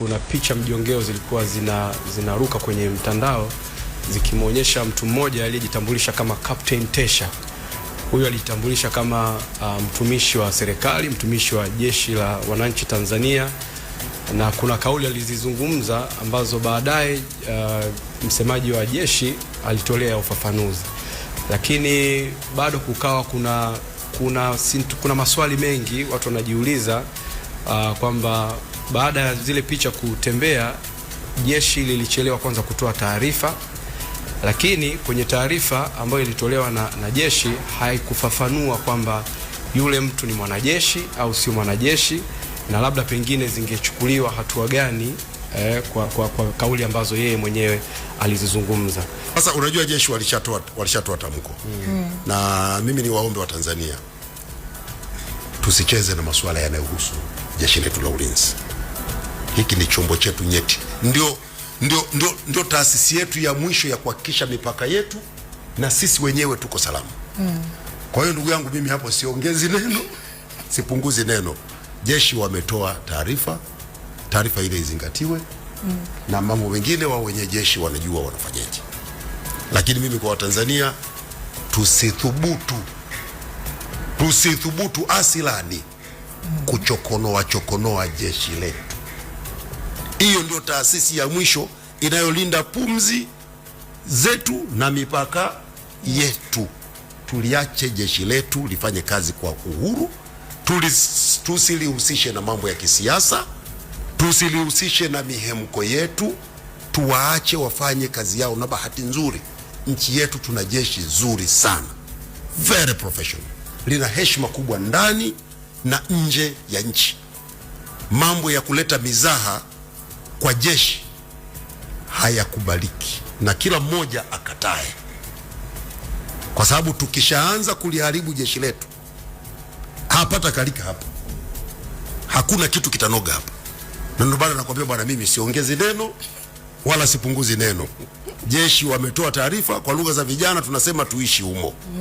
Kuna picha mjongeo zilikuwa zina zinaruka kwenye mtandao zikimwonyesha mtu mmoja aliyejitambulisha kama Captain Tesha. Huyu alijitambulisha kama uh, mtumishi wa serikali, mtumishi wa jeshi la wananchi Tanzania, na kuna kauli alizizungumza ambazo baadaye uh, msemaji wa jeshi alitolea ufafanuzi, lakini bado kukawa kuna, kuna, kuna maswali mengi watu wanajiuliza uh, kwamba baada ya zile picha kutembea, jeshi lilichelewa kwanza kutoa taarifa, lakini kwenye taarifa ambayo ilitolewa na, na jeshi haikufafanua kwamba yule mtu ni mwanajeshi au sio mwanajeshi, na labda pengine zingechukuliwa hatua gani eh, kwa, kwa, kwa kauli ambazo yeye mwenyewe alizizungumza. Sasa unajua jeshi walishatoa walishatoa tamko hmm. Na mimi ni waombe wa Tanzania tusicheze na masuala yanayohusu jeshi letu la ulinzi hiki ni chombo chetu nyeti, ndio, ndio, ndio, ndio taasisi yetu ya mwisho ya kuhakikisha mipaka yetu na sisi wenyewe tuko salama mm. Kwa hiyo ndugu yangu, mimi hapo siongezi neno sipunguzi neno. Jeshi wametoa taarifa, taarifa ile izingatiwe mm. na mambo mengine wao wenye jeshi wanajua wanafanyaje, lakini mimi kwa Watanzania tusithubutu tusithubutu asilani hmm. kuchokonoa chokonoa jeshi letu. Hiyo ndio taasisi ya mwisho inayolinda pumzi zetu na mipaka yetu. Tuliache jeshi letu lifanye kazi kwa uhuru, tusilihusishe na mambo ya kisiasa, tusilihusishe na mihemko yetu, tuwaache wafanye kazi yao. Na bahati nzuri nchi yetu tuna jeshi zuri sana, very professional, lina heshima kubwa ndani na nje ya nchi. Mambo ya kuleta mizaha kwa jeshi hayakubaliki, na kila mmoja akatae, kwa sababu tukishaanza kuliharibu jeshi letu hapata kalika hapa, hakuna kitu kitanoga hapa. Na ndio bado nakwambia bwana, mimi siongezi neno wala sipunguzi neno. Jeshi wametoa taarifa, kwa lugha za vijana tunasema tuishi humo.